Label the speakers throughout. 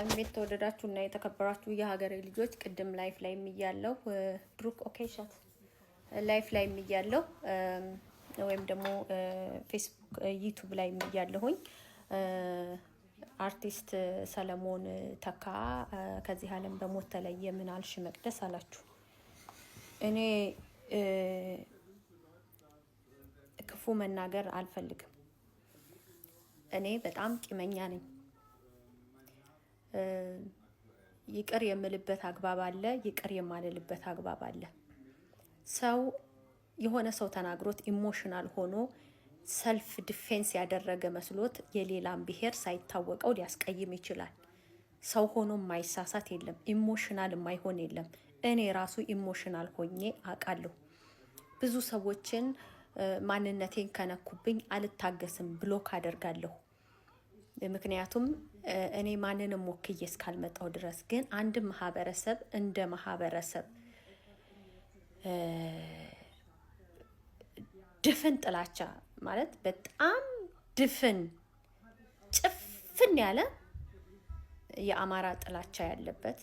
Speaker 1: እንግዲህ ተወደዳችሁ እና የተከበራችሁ የሀገሬ ልጆች ቅድም ላይፍ ላይ የሚያለው ድሩክ ኦኬሽን ላይፍ ላይ የሚያለው ወይም ደግሞ ፌስቡክ ዩቱብ ላይ የሚያለሁኝ አርቲስት ሰለሞን ተካ ከዚህ ዓለም በሞት ተለየ። ምን አልሽ መቅደስ አላችሁ። እኔ ክፉ መናገር አልፈልግም። እኔ በጣም ቂመኛ ነኝ። ይቅር የምልበት አግባብ አለ፣ ይቅር የማልልበት አግባብ አለ። ሰው የሆነ ሰው ተናግሮት ኢሞሽናል ሆኖ ሰልፍ ዲፌንስ ያደረገ መስሎት የሌላን ብሔር ሳይታወቀው ሊያስቀይም ይችላል። ሰው ሆኖ የማይሳሳት የለም፣ ኢሞሽናል የማይሆን የለም። እኔ ራሱ ኢሞሽናል ሆኜ አውቃለሁ። ብዙ ሰዎችን ማንነቴን ከነኩብኝ አልታገስም፣ ብሎክ አደርጋለሁ። ምክንያቱም እኔ ማንንም ወክዬ እስካልመጣው ድረስ ግን አንድ ማህበረሰብ እንደ ማህበረሰብ ድፍን ጥላቻ ማለት በጣም ድፍን ጭፍን ያለ የአማራ ጥላቻ ያለበት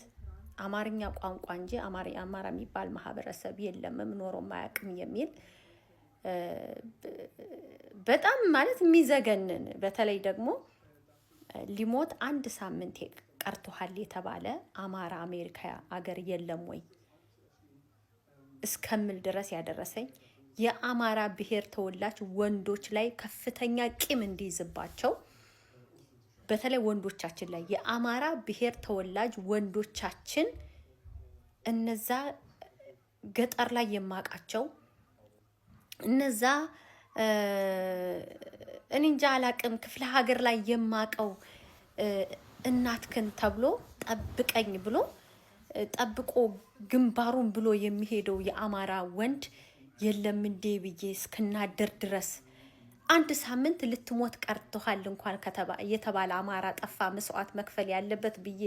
Speaker 1: አማርኛ ቋንቋ እንጂ አማራ የሚባል ማህበረሰብ የለም የምኖረው ማያቅም የሚል በጣም ማለት የሚዘገንን በተለይ ደግሞ ሊሞት አንድ ሳምንት ቀርቶሃል የተባለ አማራ አሜሪካ አገር የለም ወይ እስከምል ድረስ ያደረሰኝ የአማራ ብሔር ተወላጅ ወንዶች ላይ ከፍተኛ ቂም እንዲይዝባቸው በተለይ ወንዶቻችን ላይ የአማራ ብሔር ተወላጅ ወንዶቻችን እነዛ ገጠር ላይ የማውቃቸው እነዛ እኔ እንጃ አላቅም። ክፍለ ሀገር ላይ የማቀው እናትክን ተብሎ ጠብቀኝ ብሎ ጠብቆ ግንባሩን ብሎ የሚሄደው የአማራ ወንድ የለም እንዴ ብዬ እስክናደር ድረስ አንድ ሳምንት ልትሞት ቀርተሃል እንኳን የተባለ አማራ ጠፋ መስዋዕት መክፈል ያለበት ብዬ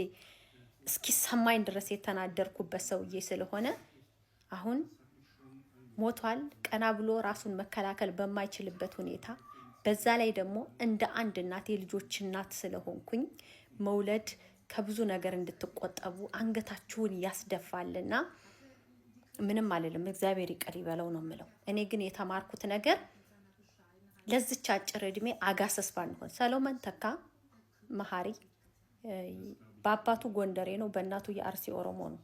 Speaker 1: እስኪሰማኝ ድረስ የተናደርኩበት ሰውዬ ስለሆነ አሁን ሞቷል። ቀና ብሎ ራሱን መከላከል በማይችልበት ሁኔታ በዛ ላይ ደግሞ እንደ አንድ እናት የልጆች እናት ስለሆንኩኝ መውለድ ከብዙ ነገር እንድትቆጠቡ አንገታችሁን ያስደፋልና ምንም አልልም፣ እግዚአብሔር ይቅር ይበለው ነው የምለው። እኔ ግን የተማርኩት ነገር ለዝች አጭር እድሜ አጋሰስ ባንሆን። ሰሎመን ተካ መሀሪ በአባቱ ጎንደሬ ነው፣ በእናቱ የአርሲ ኦሮሞ ነው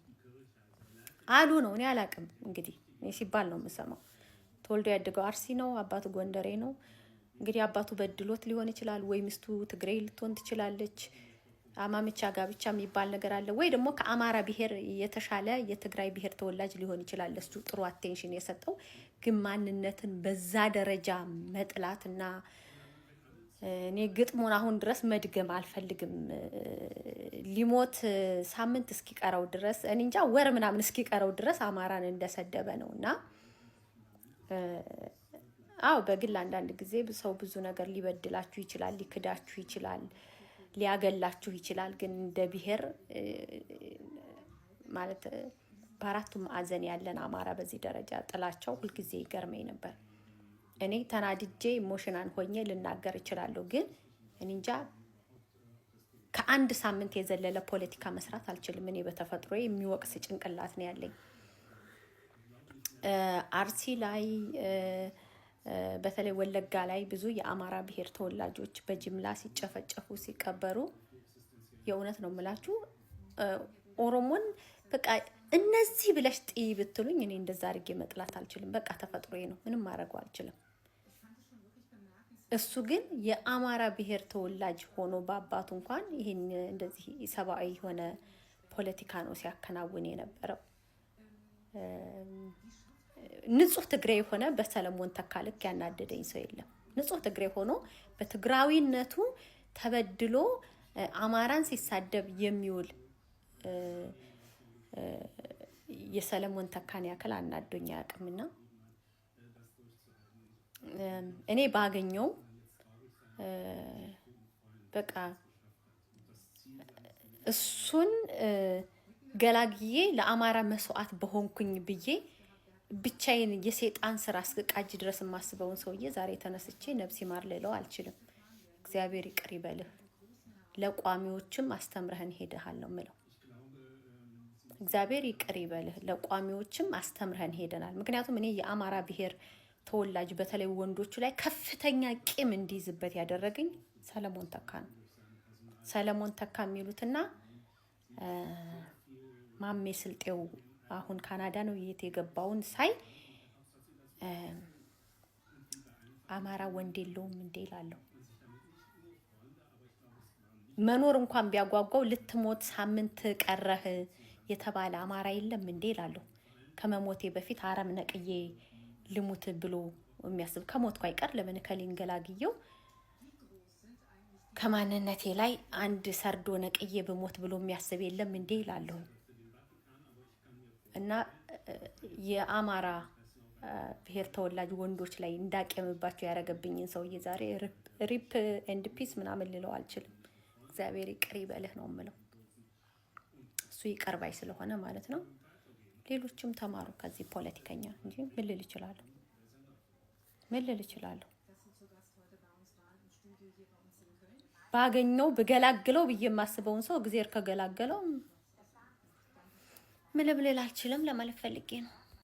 Speaker 1: አሉ ነው። እኔ አላቅም እንግዲህ ሲባል ነው የምሰማው። ተወልዶ ያደገው አርሲ ነው፣ አባቱ ጎንደሬ ነው። እንግዲህ አባቱ በድሎት ሊሆን ይችላል፣ ወይ ሚስቱ ትግሬ ልትሆን ትችላለች። አማምቻ ጋብቻ የሚባል ነገር አለ። ወይ ደግሞ ከአማራ ብሔር የተሻለ የትግራይ ብሔር ተወላጅ ሊሆን ይችላል። እሱ ጥሩ አቴንሽን የሰጠው ግን ማንነትን በዛ ደረጃ እና እኔ ግጥሙን አሁን ድረስ መድገም አልፈልግም። ሊሞት ሳምንት እስኪቀረው ድረስ እኔ እንጃ ወር ምናምን እስኪቀረው ድረስ አማራን እንደሰደበ ነው እና አዎ በግል አንዳንድ ጊዜ ሰው ብዙ ነገር ሊበድላችሁ ይችላል፣ ሊክዳችሁ ይችላል፣ ሊያገላችሁ ይችላል። ግን እንደ ብሔር ማለት በአራቱ ማዕዘን ያለን አማራ በዚህ ደረጃ ጥላቸው ሁልጊዜ ይገርመኝ ነበር። እኔ ተናድጄ ኢሞሽናል ሆኜ ልናገር እችላለሁ፣ ግን እኔ እንጃ ከአንድ ሳምንት የዘለለ ፖለቲካ መስራት አልችልም። እኔ በተፈጥሮ የሚወቅስ ጭንቅላት ነው ያለኝ አርሲ ላይ በተለይ ወለጋ ላይ ብዙ የአማራ ብሔር ተወላጆች በጅምላ ሲጨፈጨፉ ሲቀበሩ፣ የእውነት ነው የምላችሁ ኦሮሞን በቃ እነዚህ ብለሽ ጥይ ብትሉኝ እኔ እንደዛ አድርጌ መጥላት አልችልም። በቃ ተፈጥሮዬ ነው፣ ምንም ማድረገው አልችልም። እሱ ግን የአማራ ብሔር ተወላጅ ሆኖ በአባቱ እንኳን ይህን እንደዚህ ሰብአዊ የሆነ ፖለቲካ ነው ሲያከናውን የነበረው። ንጹህ ትግራይ የሆነ በሰለሞን ተካልክ ያናደደኝ ሰው የለም። ንጹህ ትግሬ ሆኖ በትግራዊነቱ ተበድሎ አማራን ሲሳደብ የሚውል የሰለሞን ተካን ያክል አናዶኝ አያውቅምና እኔ ባገኘው በቃ እሱን ገላግዬ ለአማራ መስዋዕት በሆንኩኝ ብዬ ብቻዬን የሴጣን ስራ እስክቃጅ ድረስ የማስበውን ሰውዬ ዛሬ ተነስቼ ነብስ ይማር ልለው አልችልም። እግዚአብሔር ይቅር ይበልህ። ለቋሚዎችም አስተምረህን ሄደሃል ነው ምለው። እግዚአብሔር ይቅር ይበልህ። ለቋሚዎችም አስተምረህን ሄደናል። ምክንያቱም እኔ የአማራ ብሔር ተወላጅ በተለይ ወንዶቹ ላይ ከፍተኛ ቂም እንዲይዝበት ያደረገኝ ሰለሞን ተካ ነው። ሰለሞን ተካ የሚሉትና ማሜ ስልጤው አሁን ካናዳ ነው የት የገባውን ሳይ አማራ ወንድ የለውም እንዴ ይላለሁ። መኖር እንኳን ቢያጓጓው ልትሞት ሳምንት ቀረህ የተባለ አማራ የለም እንዴ ይላለሁ። ከመሞቴ በፊት አረም ነቅዬ ልሙት ብሎ የሚያስብ ከሞትኩ አይቀር ለምን ከሌን ገላግየው ከማንነቴ ላይ አንድ ሰርዶ ነቅዬ ብሞት ብሎ የሚያስብ የለም እንዴ ይላለሁ። እና የአማራ ብሔር ተወላጅ ወንዶች ላይ እንዳቀምባቸው ያደረገብኝን ሰውዬ ዛሬ ሪፕ ኤንድ ፒስ ምናምን ልለው አልችልም። እግዚአብሔር ይቅር ይበልህ ነው የምለው። እሱ ይቅር ባይ ስለሆነ ማለት ነው። ሌሎችም ተማሩ ከዚህ ፖለቲከኛ እንጂ ምን ልል እችላለሁ? ምን ልል እችላለሁ? ባገኘው ብገላግለው ብዬ የማስበውን ሰው እግዜር ከገላገለው ምልምልል አልችልም ለማለት ፈልጌ ነው።